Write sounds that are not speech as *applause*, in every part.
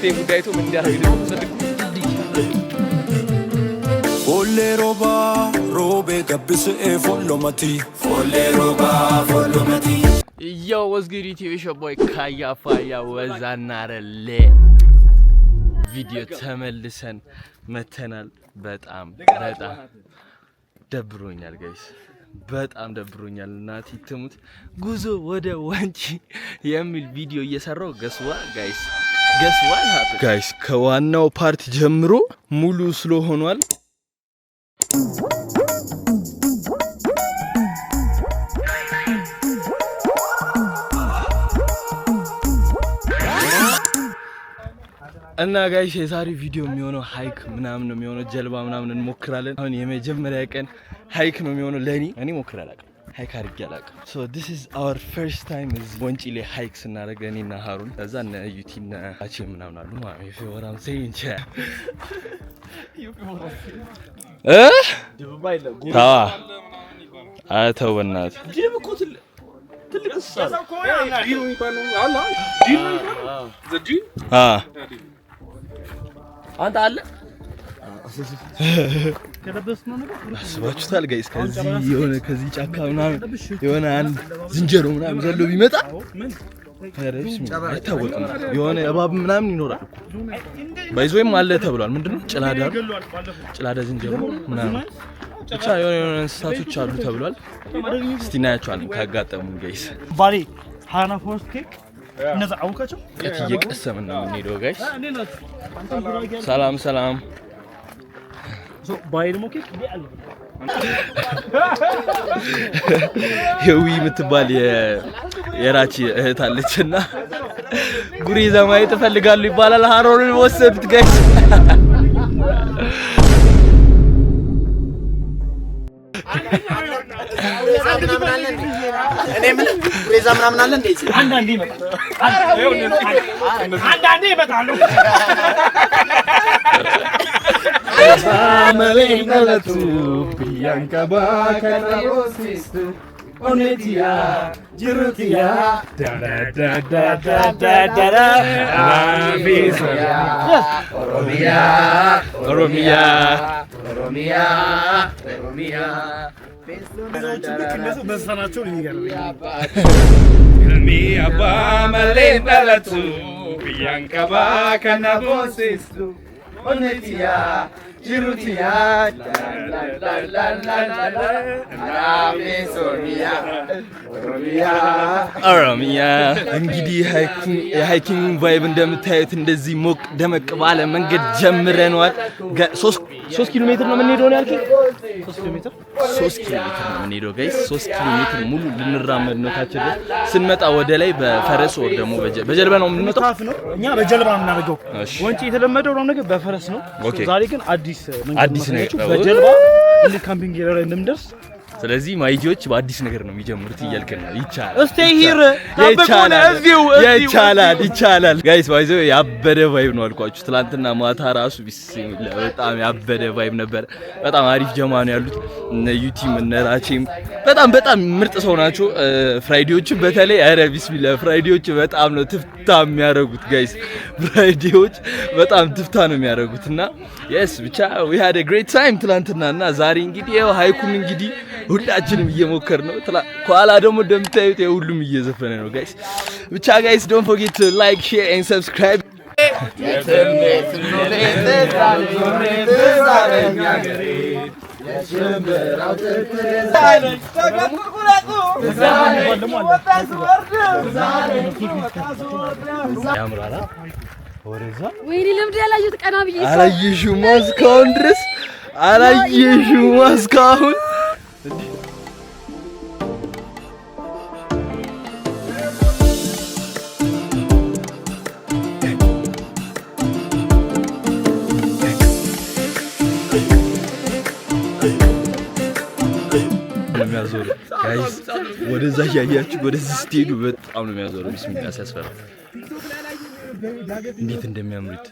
ፊቴ ጉዳይቱ ምን እንዲያደርግ ሰድኩ Folle roba, robe gabbise e follomati. Folle roba, follomati. Yo, what's good YouTube? It's your boy Kaya Faya ወዛናረለ ቪዲዮ ተመልሰን መተናል። በጣም በጣም ደብሮኛል ጋይስ፣ በጣም ደብሮኛል። እናቴ ትሙት ጉዞ ወደ ዋንጪ የሚል ቪዲዮ እየሰራው ገስዋ ጋይስ ጋይስ ከዋናው ፓርት ጀምሮ ሙሉ ስለሆኗል እና ጋይስ የዛሬ ቪዲዮ የሚሆነው ሀይክ ምናምን ነው የሚሆነው፣ ጀልባ ምናምን እንሞክራለን። አሁን የመጀመሪያ ቀን ሀይክ ነው የሚሆነው። ለእኔ እኔ ሞክር አላውቅም ሀይክ አድርጌ አላውቅም። ስ አወር ፈርስት ታይም እዚ ወንጪ ሀይክ ስናደርግ እኔ እና ሀሩን ከዛ እነ እዩቲ እነ አቼ ምናምን አሉ ማለት ነው። *laughs* አስባችሁታል ጋይስ? ከዚህ የሆነ ከዚህ ጫካ ምናምን የሆነ አንድ ዝንጀሮ ምናምን ዘሎ ቢመጣ አይታወቅም። የሆነ እባብ ምናምን ይኖራል ባይዞይም አለ ተብሏል። ምንድነው ጭላዳ ጭላዳ ዝንጀሮ ምናምን ብቻ የሆነ የሆነ እንስሳቶች አሉ ተብሏል። እስቲ እናያቸዋለን ካጋጠሙ ጋይስ ባሌ ሃና ፎርስ ኬክ እነዛ አውቃቸው ቀት እየቀሰምን ነው የምንሄደው ጋይስ። ሰላም ሰላም ሄዊ የምትባል የራች እህት አለች እና ጉሪ ዘማየት እፈልጋሉ ይባላል። ሀሮርን ወሰዱት ጋይ ምናምን አለ። Family Bianca Bacanarosist. Onetia, Girutia, da da da da da da da da Lavisia, Oromia, Oromia, Oromia, Oromia. መሰናቸው ይገርሚ አባ መሌበለቱ ብያንቀባ ከነቦሴሱ ኦነቲያ ኦሮሚያ። እንግዲህ የሃይኪንግ ቫይብ እንደምታዩት እንደዚህ ሞቅ ደመቅ ባለ መንገድ ጀምረነዋል። ሶስት ኪሎ ሜትር ነው የምንሄደው ነው ያልከኝ? ሶስት ኪሎ ሜትር ነው የምንሄደው ጋይስ። ሶስት ኪሎ ሜትር ሙሉ ልንራመድ ነው። ታች ስንመጣ ወደ ላይ በፈረስ ወር ደግሞ በጀልባ ነው የምንመጣው። እኛ በጀልባ ነው የምናደርገው። ወንጭ የተለመደው ነው ነገር በፈረስ ነው። ዛሬ ግን አዲስ አዲስ መንገድ መሰለኝ በጀልባ ካምፒንግ ላይ እንደምደርስ ስለዚህ ማይጂዎች በአዲስ ነገር ነው የሚጀምሩት እያልከናል። ይቻላል እስቴ ሂር ይቻላል ይቻላል። ጋይስ ባይዘ ያበደ ቫይብ ነው አልኳችሁ። ትላንትና ማታ ራሱ ቢስሚላ በጣም ያበደ ቫይብ ነበር። በጣም አሪፍ ጀማ ነው ያሉት እነ ዩቲም እነ ራቼም በጣም በጣም ምርጥ ሰው ናቸው። ፍራይዴዎች በተለይ አረ ቢስሚላ ፍራይዴዎች በጣም ነው ትፍታ የሚያደርጉት ጋይስ። ፍራይዴዎች በጣም ትፍታ ነው የሚያደርጉት እና የስ ብቻ ዊ ሃድ አ ግሬት ታይም ትላንትና እና ዛሬ እንግዲህ ያው ሃይኩም እንግዲህ ሁላችንም እየሞከር ነው። ከኋላ ደግሞ እንደምታዩት ሁሉም እየዘፈነ ነው ጋይስ። ብቻ ጋይስ ዶንት ፎርጌት ቱ ላይክ ሼር ኤንድ ሰብስክራይብ ወይኔ ልምድ ያላየሁት ቀና ብዬ አላየሽውማ እስካሁን ድረስ አላየሽውማ እስካሁን የሚያዞሩ ጋይስ ወደዛ እያያችሁ ወደዚህ ስትሄዱ በጣም ነው የሚያዞሩ። ቢስሚላ ሲያስፈራ እንዴት እንደሚያምሩት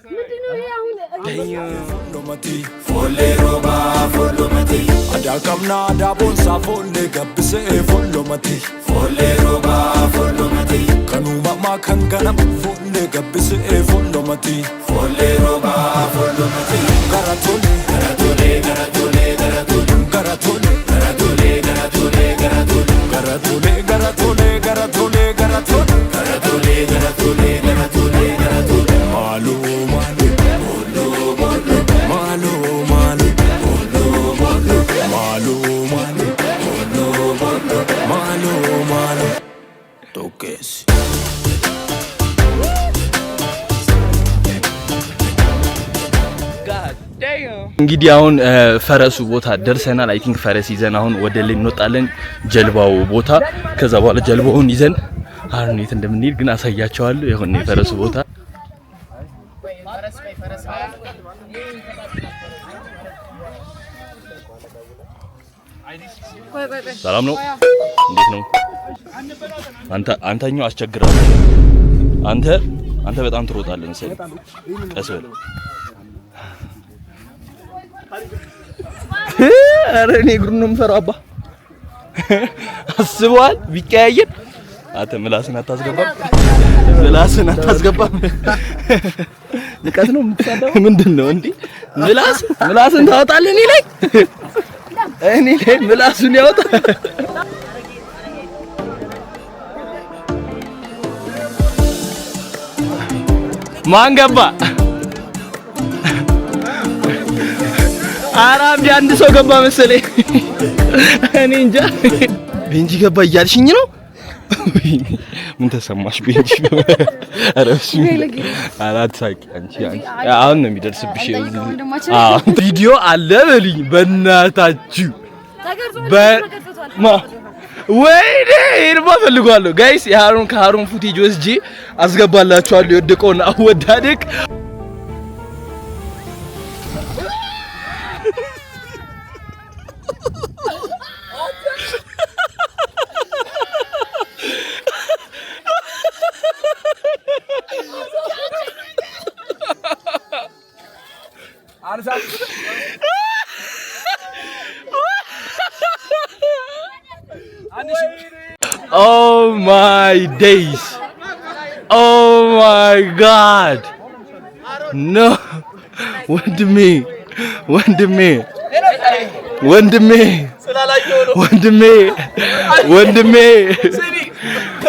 Adaakamna adaaboonsaa foollee gabbisee foolloomati. Kan uumamaa kan ganamu foollee gabbisee foolloomati. Gara tollee. toques. እንግዲህ አሁን ፈረሱ ቦታ ደርሰናል። አይ ቲንክ ፈረስ ይዘን አሁን ወደ ላይ እንወጣለን፣ ጀልባው ቦታ። ከዛ በኋላ ጀልባውን ይዘን የት እንደምንሄድ ግን አሳያቸዋለሁ። ይሁን የፈረሱ ቦታ ሰላም ነው። እንዴት ነው? አንተ አንተኛው አስቸግራለሁ። አንተ አንተ በጣም ትሮጣለህ መሰለኝ። ቀስ በል። ኧረ እኔ እግሩን ነው የምፈራው። አባ አስበዋል። ቢቀያየን። አንተ ምላስን አታስገባም፣ ምላስን አታስገባም። ንቀት ነው የምትሳደው? ምንድን ነው እንዴ? ምላስ ምላስን ታወጣለህ እኔ ላይ እኔ ላይ ምላሱን ያወጣል ማን ገባ? ኧረ አብዲ አንድ ሰው ገባ መሰለኝ። እኔ እንጃ። ቤንጂ ገባ እያልሽኝ ነው? ምን ተሰማሽ ቤንጂ? አሁን ነው የሚደርስብሽ። ቪዲዮ አለ በልኝ በእናታችሁ ወይኔ ይሄንማ ፈልጓለሁ። ጋይስ የሃሩን ከሃሩን ፉቴጅ ወስጄ አስገባላችኋለሁ። የወደቀውን አወዳደቅ Oh my days. Oh my god. No. One to me. One to me. One to me. One to me. One to me.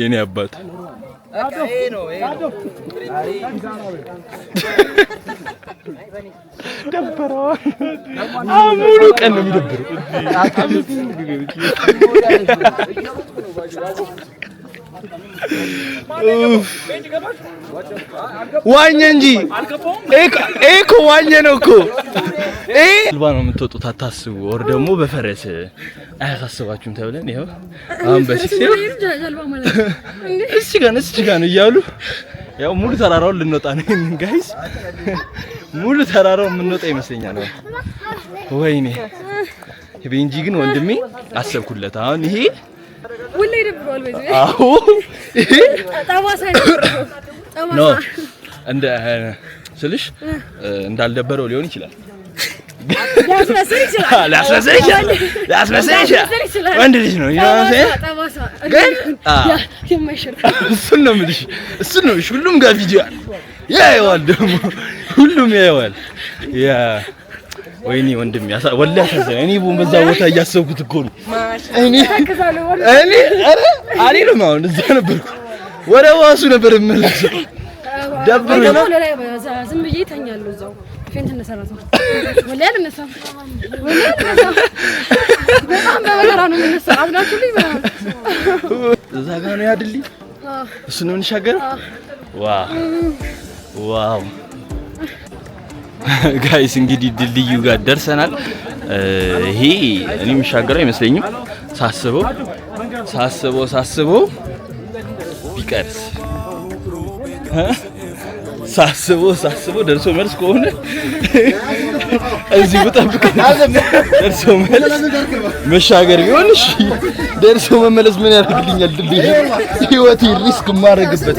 የኔ አባት ደበረዋ። ሙሉ ቀን ነው የሚደብረው። ዋኘ እንጂ ይሄ እኮ ዋኘ ነው እኮ። ልባ ነው የምትወጡት፣ አታስቡ። ወር ደግሞ በፈረስ አያሳስባችሁም ተብለን ይኸው አሁን በፊት እስች ጋር እስች ጋር እያሉ ያው ሙሉ ተራራውን ልንወጣ ነው። ጋይስ ሙሉ ተራራውን የምንወጣ ይመስለኛል። ወይኔ ቤንጂ ግን ወንድሜ አሰብኩለት አሁን ይሄ *laughs* እንደ ስልሽ እንዳልደበረው ሊሆን ይችላል። ወንድ ልጅ ነው እሱን ነው የምልሽ። እሱን ነው ሁሉም ጋር ቪዲዮ ያየዋል፣ ደግሞ ሁሉም ያየዋል። ወይኔ ወንድም ያሳ ወላሂ ያሳዝናል። እኔ በዛ ቦታ እያሰብኩት እኮ ነው። እኔ እኔ አረ አልሄድም አሁን እዛ ነበርኩ። ወደ ዋሱ ነበር የምመለሰው። ደብሩ ነው ዝም ብዬ እተኛለሁ እዛው ፌንት እነሰራለሁ። ወላሂ አልነሳም፣ ወላሂ አልነሳም። በጣም በበረራ ነው የምነሳው። አብዳችሁልኝ ምናምን እዛ ጋር ነው ያድልኝ። እሱ ነው እንሻገር ዋው ዋው ጋይስ *laughs* እንግዲህ ድልድዩ ጋር ደርሰናል። ይሄ እኔ የሚሻገረው አይመስለኝም። ሳስበው ሳስበው ሳስበው ቢቀርስ ሳስበው ሳስበው ደርሶ መልስ ከሆነ *laughs* እዚህ ብጠብቀን ደርሶ መልስ መሻገር ቢሆንሽ ደርሶ መመለስ ምን ያደርግልኛል? ድልድይ ህይወቴ ሪስክ የማደርግበት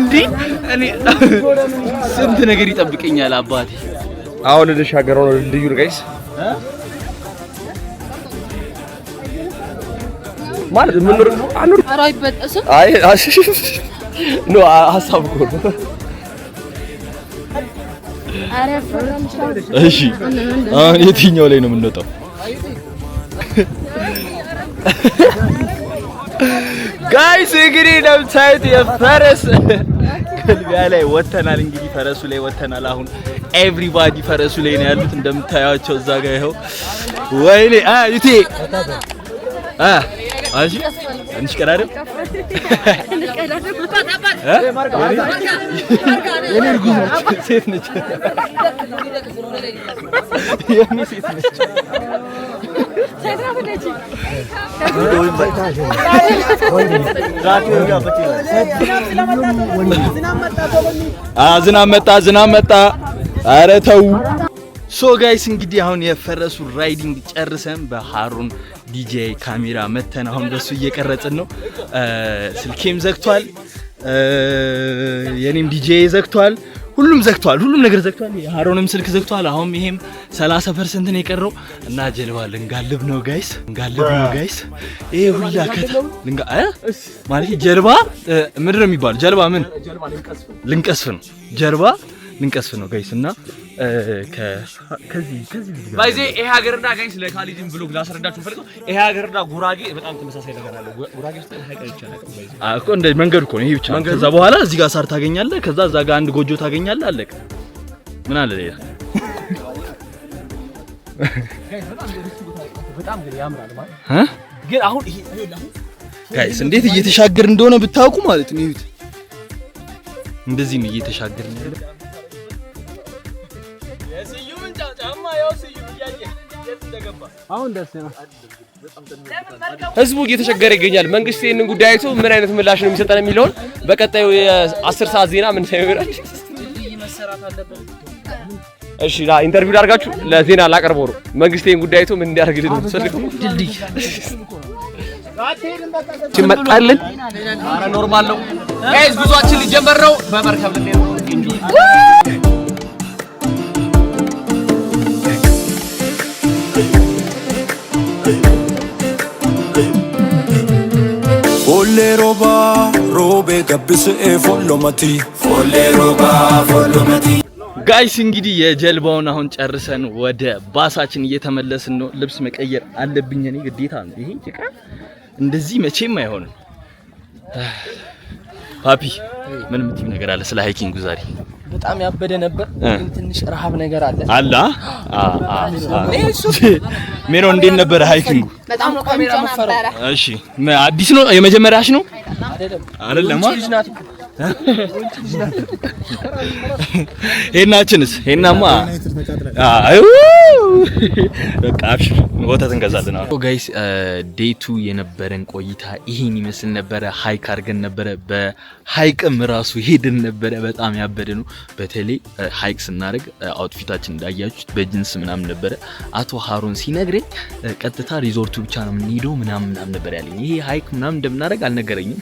እንዲህ እኔ ስንት ነገር ይጠብቀኛል አባቴ። አሁን ልሻገር ነው ልዩ ልቀይስ ማለት ምን ነው? አይ ሀሳብ እኮ ነው። እሺ አሁን የትኛው ላይ ነው የምንወጣው? *laughs* ጋይስ እንግዲህ እንደምታዩት የፈረስ ከልቢያ ላይ ወተናል። እንግዲህ ፈረሱ ላይ ወተናል። አሁን ኤቭሪባዲ ፈረሱ ላይ ነው ያሉት እንደምታያቸው እዛ ጋር ይኸው። ወይኔ አ ዩቴ እንሽቀዳደም ሴት ነች። ዝናብ መጣ፣ ዝናብ መጣ። ኧረ ተው። ሶ ጋይስ እንግዲህ አሁን የፈረሱ ራይዲንግ ጨርሰን በሀሩን ዲጄ ካሜራ መተን አሁን በሱ እየቀረጽን ነው። ስልኬም ዘግቷል፣ የኔም ዲጄ ዘግቷል። ሁሉም ዘግቷል። ሁሉም ነገር ዘግቷል። የሀሮንም ስልክ ዘግቷል። አሁን ይሄም 30 ፐርሰንት ነው የቀረው እና ጀልባ ልንጋልብ ነው ጋይስ፣ ልንጋልብ ነው ጋይስ። ይሄ ሁላ ከት ልንጋ ማለት ጀልባ ምንድን ነው የሚባለው? ጀልባ ምን ልንቀስፍ ነው። ጀልባ ልንቀስፍ ነው ጋይስ እና ከዚህ ይሄ ሀገርና ጋኝ ስለ ካሊጅን ላስረዳችሁ ፈልገው ይሄ ሀገርና ጉራጌ በጣም ተመሳሳይ ነገር አለ። ጉራጌ ውስጥ እኮ ነው ይሄ ብቻ። ከዛ በኋላ እዚህ ጋር ሳር ከዛ እዛ ጋር አንድ ጎጆ ታገኛለህ። አለቀ። ምን አለ ሌላ? ጋይስ እንዴት እየተሻገር እንደሆነ ብታውቁ ማለት ነው። ይሁት እንደዚህ ነው እየተሻገር አሁን ደስ ነው። ህዝቡ እየተቸገረ ይገኛል። መንግስት ይህንን ጉዳይ አይቶ ምን አይነት ምላሽ ነው የሚሰጠን የሚለውን በቀጣዩ የአስር ሰዓት ዜና ምን ሳይሆናል። እሺ ኢንተርቪው ላድርጋችሁ ለዜና ላቀርበው ነው። መንግስት ይህን ጉዳይ አይቶ ምን እንዲያደርግልን ነው የምትፈልገው? ድልድይ ሲመጣልን ኧረ ኖርማል ነው። ጋይስ ጉዟችን ሊጀመር ነው በመርከብ ነው እንጂ Folle roba, robe gabbise follomati. Folle roba, follomati. ጋይስ እንግዲህ የጀልባውን አሁን ጨርሰን ወደ ባሳችን እየተመለስን ነው። ልብስ መቀየር አለብኝ እኔ ግዴታ ነው። ይሄ ጭቃ እንደዚህ መቼም አይሆንም። ፓፒ ምን የምትይው ነገር አለ ስለ ሃይኪንጉ ዛሬ? በጣም ያበደ ነበር፣ ግን ትንሽ ረሃብ ነገር አለ አላ ሜሮ እንዴት ነበር ሃይኪንጉ? በጣም ነው ካሜራ መፈራ። እሺ አዲስ ነው የመጀመሪያሽ ነው አይደለም? አይደለም *laughs* ሄናችንስ ሄናማ አዩ በቃ አብሽር ወተት እንገዛለን። ጋይስ ዴቱ uh, የነበረን ቆይታ ይሄን ይመስል ነበረ። ሀይቅ አድርገን ነበረ። በሀይቅም ራሱ ሄድን ነበረ። በጣም ያበደ ነው። በተለይ uh, ሀይቅ ስናደርግ uh, አውትፊታችን እንዳያችሁት በጅንስ ምናምን ነበረ። አቶ ሀሩን ሲነግረኝ ቀጥታ ሪዞርቱ ብቻ ነው የምንሄደው ምናምን ምናምን ነበር ያለኝ። ይሄ ሀይቅ ምናምን እንደምናደርግ አልነገረኝም።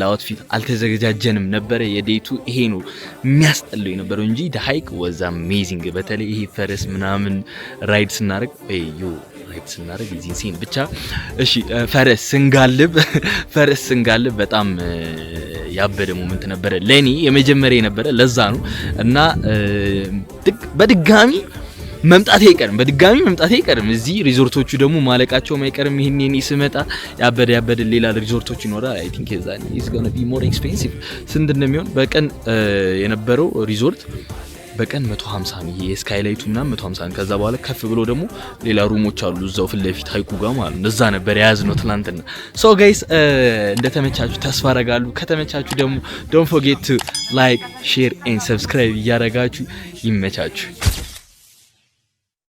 ለአውትፊት አልተዘገጃ አልተዘጋጀንም ነበረ። የዴቱ ይሄ ነው የሚያስጠላው የነበረው እንጂ ሀይቅ ወዛ አሜዚንግ። በተለይ ይሄ ፈረስ ምናምን ራይድ ስናደርግ ራይድ ስናደርግ የዚህን ሴን ብቻ እሺ፣ ፈረስ ስንጋልብ *laughs* ፈረስ ስንጋልብ በጣም ያበደ ሞመንት ነበረ ለእኔ የመጀመሪያ የነበረ ለዛ ነው እና በድጋሚ መምጣቴ አይቀርም፣ በድጋሚ መምጣቴ አይቀርም። እዚህ ሪዞርቶቹ ደግሞ ማለቃቸውም አይቀርም። ይህን ኔ ስመጣ ያበደ ያበደ ሌላ ሪዞርቶች ይኖራል። አይ ቲንክ ዛ ኢዝ ጎና ቢ ሞር ኤክስፔንሲቭ። ስንት እንደሚሆን በቀን የነበረው ሪዞርት በቀን 150 ነው። ይሄ ስካይላይቱ ምናምን 150 ነው። ከዛ በኋላ ከፍ ብሎ ደግሞ ሌላ ሩሞች አሉ እዛው ፊት ለፊት ሀይቁ ጋር ማለት ነው። እዛ ነበር የያዝ ነው ትናንትና። ሶ ጋይስ እንደተመቻችሁ ተስፋ አረጋሉ። ከተመቻችሁ ደግሞ ዶንት ፎርጌት ቱ ላይክ ሼር ኤንድ ሰብስክራይብ እያረጋችሁ ይመቻችሁ።